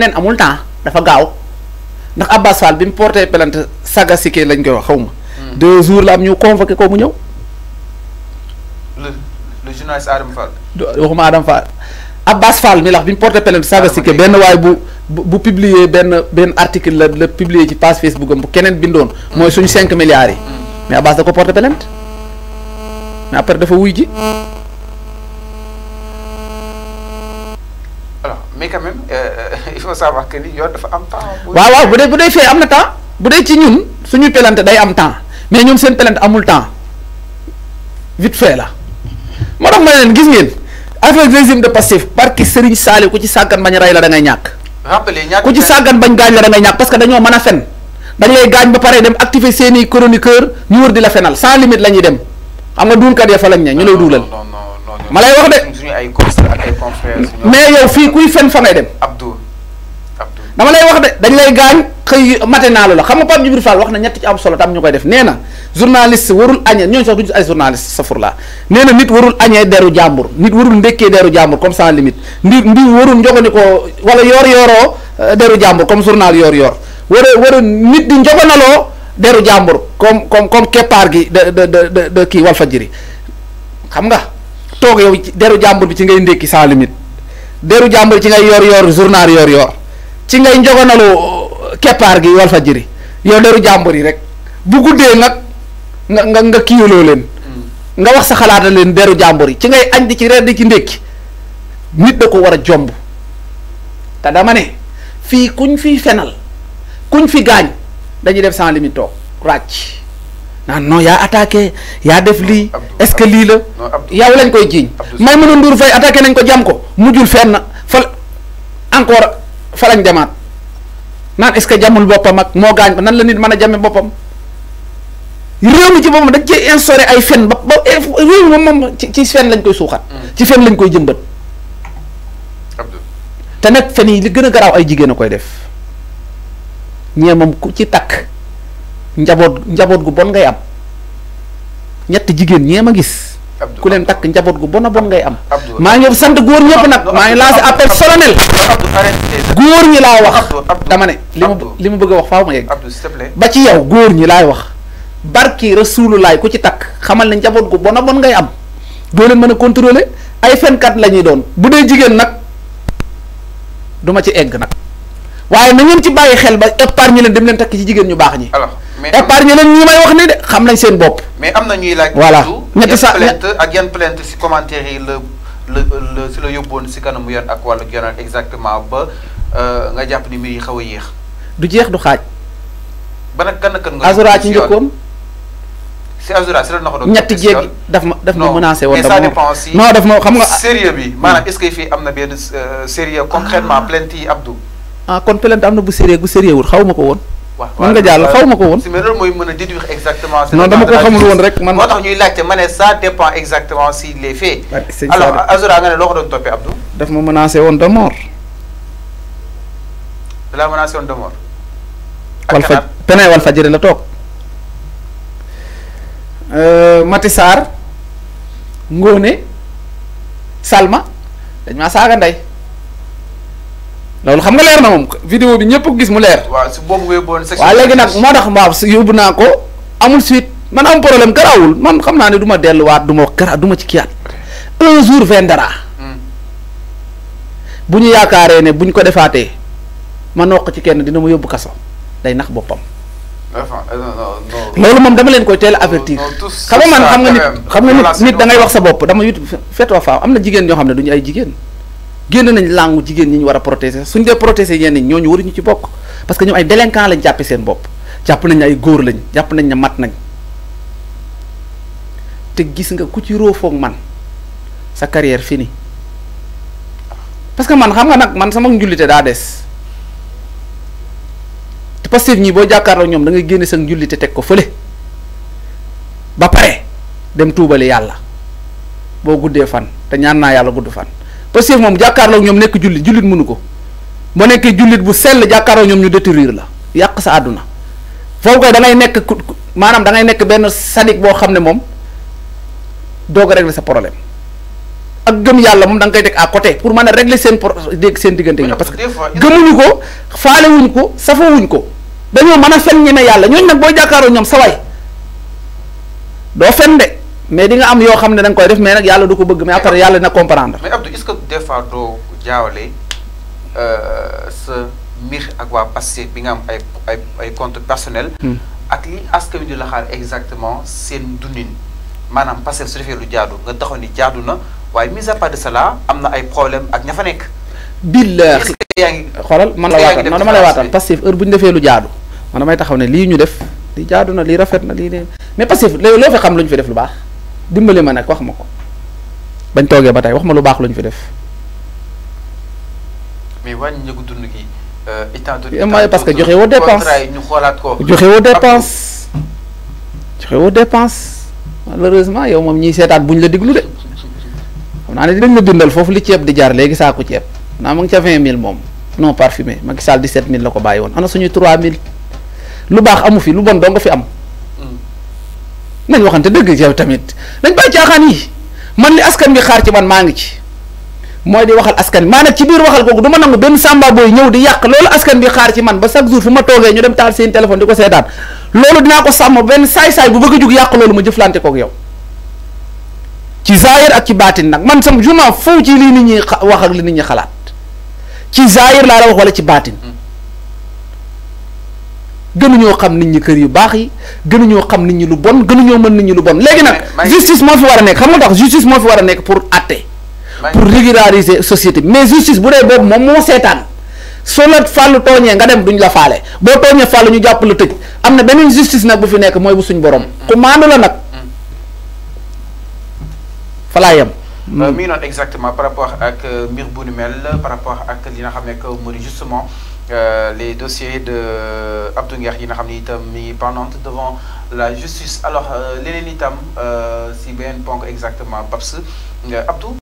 neen amul temps dafa gaaw ndax Abbas Fall bi mu porté plainte saga lañ koy wax xaw ma. Hmm. deux jours la am ñu convoqué ko mu ñëw. le le journaliste Adam Fall. waxuma mi lax bi mu porté plainte saga benn waay bu bu publier benn benn article la la publier ci page Facebook am bu keneen bindoon. Hmm. mooy suñu cinq milliards yi. Hmm. mais Abbas da ko porté plainte mais après dafa wuy ji. alors mais quand même euh, euh, il faut savoir que ni yoon dafa am temps. waaw waaw bu dee bu dee fee am na temps bu dee ci ñun suñuy pelante day am temps mais ñoom seen pelante amul temps vite fait la moo tax ma leen gis neen affaire régime de Pastef barki Serigne Saliou ku ci sàggan bañ rey la da ñàkk. rappelé ñàkk ku ci sàggan bañ gaañ la da ngay ñàkk parce que dañoo mën a fen dañ lay gaañ ba pare dem activer seen i chroniqueur ñu wër di la fenal sans limite la ñuy dem xam nga duulkat ya fa lañ ne ñu lay duulal. ma lay wax de. suñu ay mais fii kuy fen fa ngay dem. Abdou dama lay wax de dañ lay gaañ xëy matinaalu la xam nga Pape Djibril wax na ñett ci am solo tam ñu koy def nee na journaliste warul añee ñooñu sax duñu ay journaliste safurla nee na nit warul añee deru jàmbur nit warul ndekkee deru jàmbur comme sans limite ndi ndi warul njogoni ko wala yor-yoroo euh, deru jàmbur comme journal yor-yor war a war a nit di njogonaloo deru jàmbur comme comme comme keppaar gi de de de de kii Walfadjri xam nga. toog yow deru jàmbur bi ci ngay ndékki sans limite deru jàmbur ci ngay yor yor journal yor yor ci ngay njogonalu uh, keppaar gi Walfadjri yow deru jàmbur yi rek bu guddee nag nga nga nga kiiwaloo leen mm. nga wax sa xalaata leen deru jàmbur yi ci ngay añ di ci reer di ci ndékki nit da ko war a jomb te dama ne fii kuñ fi fenal kuñ fi gaañ dañuy def sans limite toog ràcc ah non yaa attaqué yaa def lii est-ce que lii la yaw lañ koy jiiñ may mën a nduur fay attaqué nañ ko jam ko mujjul fenn fal encore fa lañ jamaat naan est-ce que jamul boppam ak moo gaañ ko nan la nit mën a jame boppam réew mi ci boppam dañ cee instauré ay fen ba ba eh, réew mi moom ci ci lañ koy suuxat mm. ci fen lañ koy jëmbat te nag fen yi li gën a garaaw ay jigéen a koy def ñee moom ci takk njaboot njaboot gu bon ngay am ñetti jigéen ñee ma gis. ku leen takk njaboot gu bon a bon ngay am. maa ngi sant góor ñëpp nag. maa ngi laa lancé appel solennel. góor ñi laay wax. dama ne li ma li mu bëgg a wax faaw ma yegg. ba ci yow góor ñi laay wax. barki rasuululaay ku ci takk xamal ne njaboot gu bon a bon ngay am doo leen mën a contrôler ay fenkat la ñuy doon bu dee jigéen nag duma ci egg nag waaye na ngeen ci bàyyi xel ba épargne leen dem leen takk ci jigéen ñu baax ñi. épargne leen ñi may wax ni de xam nañ seen bopp. mais am na ñuy laaj. voilà ñetti sa plainte ak yan plainte si commentaire yi la la la si la yóbbuwoon si kanamu yoon ak wàllu yoonal exactement ba euh, nga jàpp ni mbir xaw a yéex. du jeex du xaaj. ban ak kan kan nga. Azura ci njëkkoon. si Azura si la ma daf ma menacé woon. dama non daf ma xam nga. Ah. sérieux bi maanaam est-ce que fii am na benn euh, sérieux concrètement ah. plainte yi Abdou. ah kon plainte am na bu sérieux bu sérieux wul xaw ma ko woon. man nga jàll euh, xaw ma ko woon. si mais loolu mooy a déduire exactement. non dama ko xamul woon rek man moo tax ñuy laajte ma ne ça dépend exactement si les faits. alors Azura nga ne loo ko doon toppee Abdou. ma menacé woon de mort. da laa menacé woon de mort. ak kanam penay Walfadjri la toog. Euh, Mati Sarr Salma dañ maa saaga ndey. loolu xam nga leer na moom vidéo bi ñëpp ko gis mu leer. waaw bon léegi nag moo tax ma yóbbu naa ko amul suite man am problème garaawul man xam naa ne du ma delluwaat du ma gara du ma ci kiyaat un jour vendra hmm. bu ñu yaakaaree ne bu ko defaatee ma noq ci kenn dina ma yóbbu kaso day nax boppam. Eh, loolu moom dama leen koy teel avertir xam nga man xam nga nit xam nga nit nit da ngay wax sa bopp dama yut fetoo faaw am na jigéen ñoo xam ne du ñu ay jigéen. génn nañ làngu jigéen ñi ñu war a protéger suñ dee protéger yenn ñi war ñu ci bokk parce que ñoom ay délinquant lañ jàppe seen bopp jàpp nañ ay góor lañ jàpp nañ ne mat nañ te gis nga ku ci róofoog man sa carrière fini parce que man xam nga nag man sama njullite daa des te Pastef ñii boo jàkkaarloo ñoom da ngay génne sa njullite teg ko fële ba pare dem tuubali yàlla boo guddee fan te ñaan naa yàlla gudd fan Pastef moom jàkkaarloog ñoom nekk jullit jullit mënu ko ba nekkee jullit bu sell jàkkaarloog ñoom ñu détruire la yàq sa àdduna foofu ko da nekk nekk maanaam da ngay nekk benn sadik boo xam ne moom doog a régler sa problème ak gëm yàlla moom da nga koy teg côté pour mën a régler seen pro dégg seen diggante ñoom parce que gëmuñu ko faalewuñ ko safawuñ ko dañoo mën a fen ñeme yàlla ñooñu nag boo jàkkaaroo ñoom sa waay doo fen de mais di nga am yo xamne dang koy def mais nak yalla du ko bëgg mais après yalla na comprendre. mais Abdou est-ce que des fois do doo euh ce mir ak wa passé bi nga am ay ay ay compte personnel. Hmm. ak li askan wi di la xaar exactement sen dundin manam passé su defee lu jaadu nga taxaw ni jaadu na way mise à part de cela amna ay problème ak ñafa nek billah xolal man la waatal non dama lay waatal passif heure buñ defé lu jaadu man damay taxaw ne li ñu def di jaadu na li rafet na li lii mais passif lo fi xam luñ fi def lu baax. dimbali ma nag wax ma ko bañ toogee ba tey wax ma lu baax lañu fi def. mais wàññi njëgu dund gi euh, état de parce que joxe woo dépense ñu xoolaat ko joxe woo dépense joxe woo dépense malheureusement yow moom ñiy seetaat buñ la diglu de xam naa ne dinañ la dundal foofu li ceeb di jaar léegi saako ceeb naa ma ngi ca vingt mille moom non parfumé Macky Sall dix-sept mille la ko bàyyi woon na suñuy trois mille lu baax amu fi lu bon doo nga fi am. nañ te dëgg yow tamit nañ bàyyi caaxaan yi man li askan bi xaar ci man maa ngi ci mooy di waxal askan maa nag ci biir waxal googu du ma nangu benn sàmba booy ñëw di yàq loolu askan bi xaar ci man ba chaque jour fu ma toogee ñu dem taal seen téléphone di ko seetaan loolu dinaa ko sàmm benn saay-saay bu bëgg a jug yàq loolu ma jëflante kook yow ci zaahir ak ci baatin nag man sam juma foofu ci li nit ñi wax ak li nit ñi xalaat ci zaahir laa la wax wala ci baatin gënuñoo xam nit ñi kër yu baax yi gënuñoo xam nit ñi lu bon gënuñoo mën nit ñi lu bon léegi nag justice moo fi war a nekk xam nga tax justice moo fi war a nekk pour àtte pour régulariser société mais justice bu dee boobu moom moo seetaan soo la fàllu tooñee nga dem duñ la faale boo tooñee fàllu ñu jàpp la tëj am na beneen justice nag bu fi nekk mooy bu suñ borom mm. ku maandu la nag mm. falaa yem euh, mi noonu exactement par rapport ak euh, mbir bu rapport ak li nga xam ne que mooy justement Euh, les dossiers de Abdou Ramnitam yi devant la justice alors euh, l'élénitam, c'est euh, si bien, ponk exactement Babs Abdou